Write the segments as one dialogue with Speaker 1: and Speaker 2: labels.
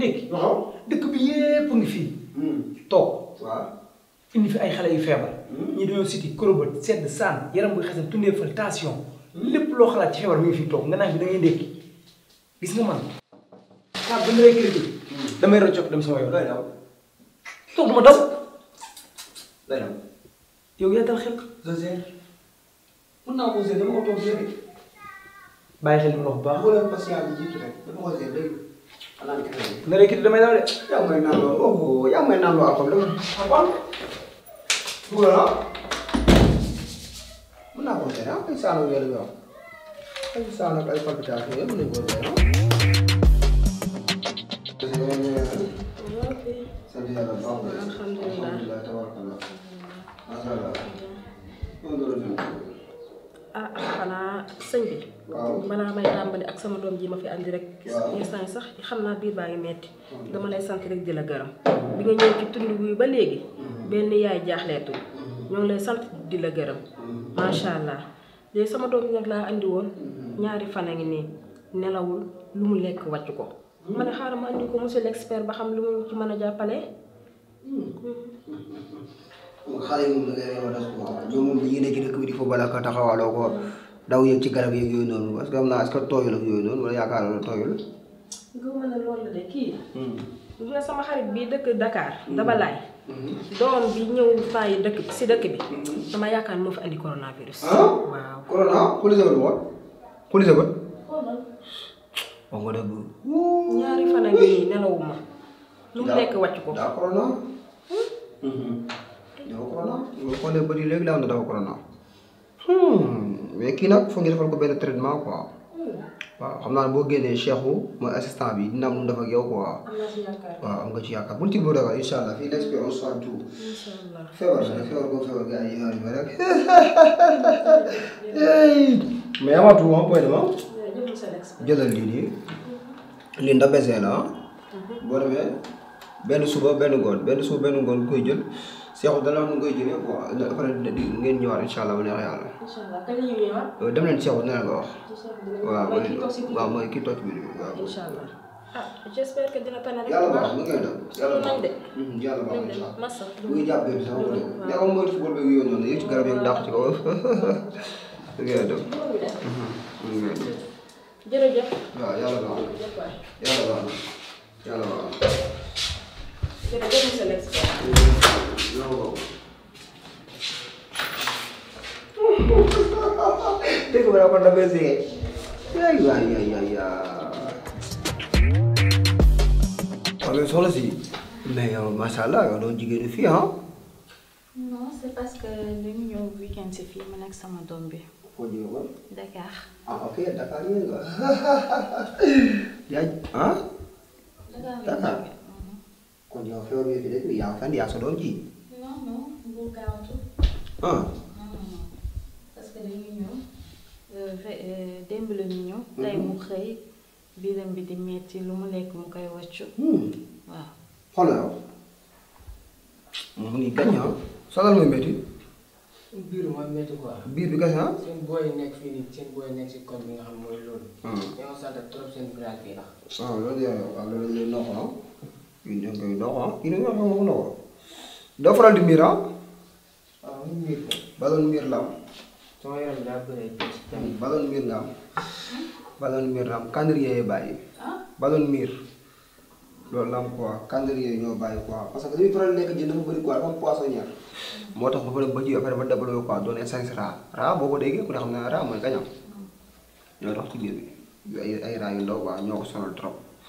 Speaker 1: ndékki. dëkk bi yépp ngi fii. Hmm. toog. waaw indi fi ay xale yu feebar. Hmm. ñi dañoo siti korobët sedd saan yaram buy xasee tundee fa hmm. lépp loo xalaat ci feebar mi ngi fi toog nga naan fi da ngay ndékki gis nga man. toog dama daw. yow yaa dal xel. deuxième mën naa ko dama ko toog bàyyi xel bu baax. wala patient bi jiitu rek nare kii damay daw de. yaa may naan loo oh yaa may naan loo ak xool dama. waaw. bu la ah. mën naa ko gën ah ay saano yooyu la ñu wax ay saano ak ay palpitation yëpp mën nañu ko gën ah. sant yàlla baax na alhamdulilah tabaaraka allah macha allah. sëñ bi. waaw balaa may tàmbali ak sama doom ji ma fi andi rek. waaw instant sax xam naa biir baa ngi metti hmm. dama lay sant rek di la gërëm. bi nga ñëw ci tund wi ba léegi. Hmm. benn yaay jaaxleetu. Hmm. ñoo ngi lay sant di la gërëm. macha allah léegi sama doom nag laa indi woon ñaari fan a ngi nii nelawul lu mu lekk wàcc ko. ma ne xaaral ma andi ko monsieur l'expert ba xam lu mu ci mën a jàppale. xale yi moom nekk di fa balaa ko taxawaloo ko. daw yëg ci garab yeeg yooyu noonu parce que am naa est-ce que tooyul yooyu noonu wala yaakaar la tooyul. Hmm. la sama xarit bii dëkk Dakar. Hmm. Dabalaay. Hmm. doom bi ñëw fay dëkk si dëkk bi. sama yaakaar moo fi andi coronavirus. Ah? waaw corona xuli sa bët woon xuli sa bët. wax léegi daa am dafa corona. mais kii nag foog ñu defal ko benn traitement quoi hmm. waaw xam naa ne boo génnee Cheikhou mooy assistant bi dina am lu mu def ak yow nga ci yaakaar bu ñu ci bëggoon a wax allah fii l'expérience soit tout. incha allah feebar rek feebar boobu feebar gars yi ñu naan rek. mais amatu point ma. jëlal lii nii. Mhm. lii ndax la ah. boo benn suba benn ngoon benn suba benn ngoon koy jël. Cheikhou dana nu koy jëlee quoi après di ngeen ñëwaat incha allah bu neexee yàlla. incha allah kañ la ñuy euh, ah, yàlla baax mu ngi koy yàlla baax mm-hmm, yàlla baax incha allah. Mm-hmm, yàlla baax. ko da ngay seeyee si mais macha allah nga doon jigéenu ah. non c'est parce que dañu ñëw weekend si fii man ak sama doom bi. foo jógee ko. Dakar. ah ok Dakar yéen nga. kon yow xew fi dëkk bi yaa fan yaa sa non non bu gaawatu. ah. démb la ñu ñëw. Mhm. mu xëy biiram bi di metti lu mu lekk mu koy wàccu. Hmm. waaw. xoolal mu ngi gañ ah. soxla muy métti. biir mooy métti quoi. biir bi gañ ah. seen booy nekk fii nii seen booy nekk si koñ bi nga xam mooy loolu. Hmm. ñoo sant trop seen village ah, ah. ah. doo faral di miir ah. waaw miir la. baloon miir la sama yaram daa bëree ci ballon miir nga am miir nga am bàyyi ah? ballon miir loolu la am quoi calendrier ñoo bàyyi quoi parce que li muy faral nekk jën dafa bëri quoi dafa am poissonnière moo tax ba pare ba ji après ba dabaloo quoi doon essence raa raa boo ko déggee ku ne xam ne raa mooy gañam ñoo tax ci bi ay ay raa yu ndaw quoi ñoo ko sonal trop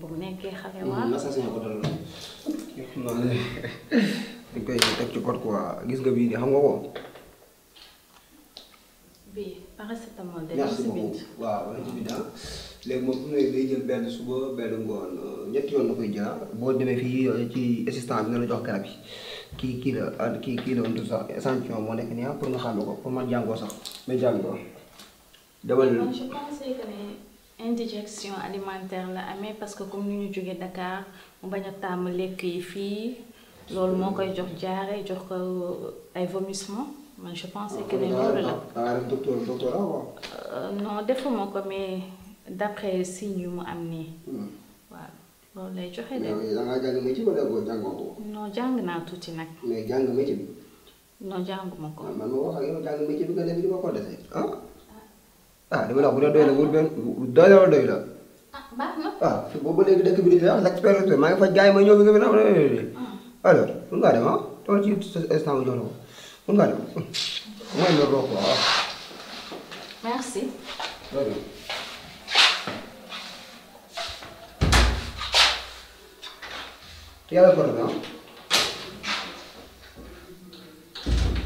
Speaker 1: bu mu nekkee xale mm, waaw. assassin ko dal xam naa koy teg ci code quoi gis nga bii nii xam nga ko. bii paracétamol de. merci beaucoup waaw wala ci bind léegi moom fu mu ne day jël benn suba benn ngoon euh, ñetti yoon la koy jëlaat ah. boo demee fii euh, ci assistant bi na la jox garab yi kii kii la ah, kii kii la moo nekk nii ah, pour nga xam ko pour ma jàngoo sax mais jàngoo. demal. je pense que indigestion alimentaire la amee parce que comme ni ñu jógee Dakar mu bañ a tàmm lekk yi fii loolu moo koy jox jaare jox ko euh, ay vomissement man je pense que ne ah, loolu euh, defuma ko mais d'après signe yu mu am nii. Hmm. waaw loolu lay joxe de. da jàng naa tuuti nag. mais jàng métier bi. non jànguma ko. Ah, man ma wax ak jàng métier bi nga def di ma ko defee ah? ah li ma la wax bu doon la wut benn doy la wala doy la. ah baax na. waaw boobu ba léegi dëkk bi di wax l'expérience maa ngi faj gars yi ma ñëw fi nga fi naan alors mun ngaa dem ah tool ci instant bi jox la ko mun ngaa dem mooy nga roo ko waaw. merci. yàlla ko def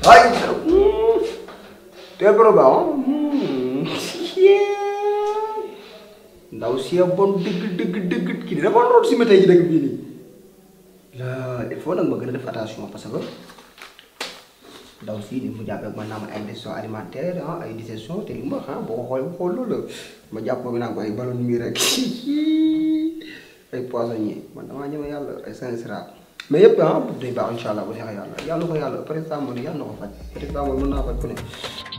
Speaker 1: ah. ay. tey borom ndaw si bon dëgg dëgg dëgg kii bi dafa doon si météo ji dëgg bii nii il faut nag ma gën a def attention parce que ndaw sii ni mu jàppee man naa ma ay décision alimentaire ah, ay décision te li ma ah boo xool xool loolu ma jàppoo naa ko ay ballon mi rek ay poissonnier man damaa ñëw yàlla ay sincère mais yëpp ah day baax incha allah bu neexee yàlla yàlla ko yàlla président man yàlla ko faj président man mën naa faj ku ne.